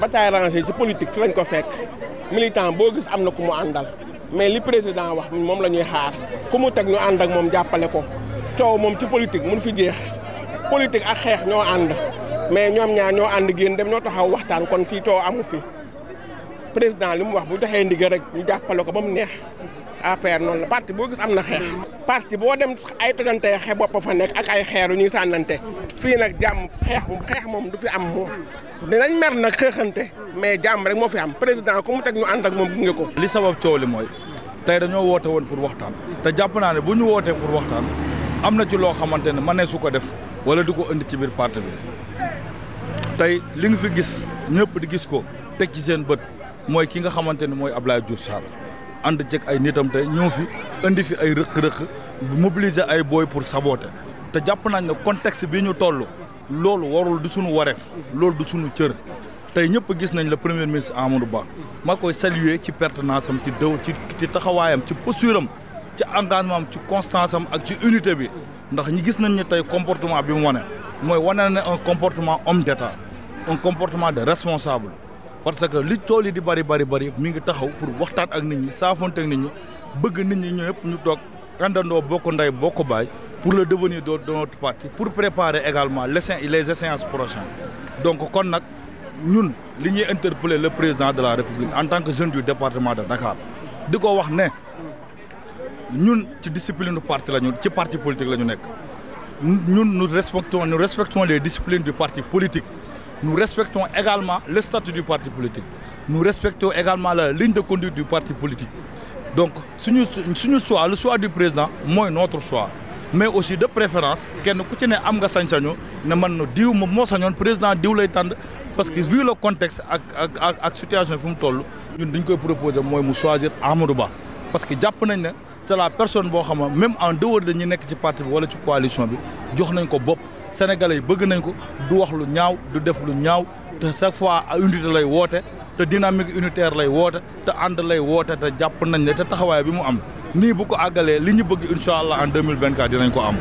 bataille rangée ci politique lañ ko fekk militant boo gis am na ku mu àndal mais li président wax moom la ñuy xaar ku mu teg ñu ànd ak moom jàppale ko coow moom ci politique mun fi jeex politique ak xeex ñoo ànd mais ñoom ñaar ñoo ànd génn dem ñoo taxaw waxtaan kon fii coow amu fi. président li mu wax bu joxee ndigal rek ñu jàppale ko ba mu neex APR noon la parti boo gis am na xeex. parti boo dem ay tojante xe bopp fa ak ay xeeru ñuy sànnante fii nag jàmm xeex xeex moom du fi am moom nañ mer nag xeexante mais jàmm rek moo fi am président ku mu teg ñu ànd ak moom gunge ko. li sabab coow li mooy tey dañoo woote woon pour waxtaan te jàpp naa ne bu ñu wootee pour waxtaan am na ci loo xamante ne mënee su ko def wala du ko indi ci biir parti bi tey li nga fi gis ñëpp di gis ko teg ci bët. mooy ki nga xamante ni mooy Abdoulaye Diouf Sarr ànd ceeg ay nitam tey ñëw fi indi fi ay rëq-rëq mobiliser ay booy pour saboter te jàpp nañ ne contexte bi ñu toll loolu warul du suñu wareef loolu du suñu cër tey ñëpp gis nañ le premier ministre Amadou Ba maa koy saluer ci pertinence am ci dëw ci ci taxawaayam ci posture ci engagement ci constance am ak ci unité bi ndax ñi gis nañ ne tey comportement bi mu wane mooy wane na ne un comportement homme d'État un comportement de responsable parce que li tool yi di bari bari bari mi ngi taxaw pour waxtaan ak nit ñi saafonte ak nit ñi bëgg nit ñi ñoo ñëpp ñu toog àndandoo ko ndey ko baay pour le devenir de notre parti pour préparer également les séances prochaines donc kon nag ñun li ñuy interpeller le président de la république en tant que jeune du département de Dakar di ko wax ne ñun ci discipline du parti la ñu ci parti politique la ñu nekk ñun nous respectons nous respectons les disciplines du parti politique Nous respectons également le statut du parti politique. Nous respectons également la ligne de conduite du parti politique. Donc, si nous, si nous soit, le du président, mooy notre choix. mais aussi de préférence kenn ku ci ne am nga sañ-sañu ne man na diw moom moo sañoon président diw lay tànd parce que vu le contexte ak ak ak ak situation fi mu toll ñun dañ koy proposer mooy mu choisir Amadou Ba parce que jàpp nañ ne c'est la personne boo xam ne même en dehors de ñi nekk ci parti wala ci coalition bi jox nañ ko bopp sénégalais yi bëgg nañ ko du wax lu ñaaw du def lu ñaaw te chaque fois unité lay woote te dynamique unitaire lay woote te ànd lay woote te jàpp nañ ne te taxawaay bi mu am nii bu ko àggalee li ñu bëgg incha allah en deux vingt quatre dinañ ko am.